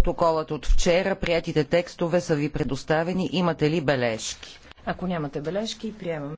протоколът от вчера, приятите текстове са ви предоставени. Имате ли бележки? Ако нямате бележки, приемам.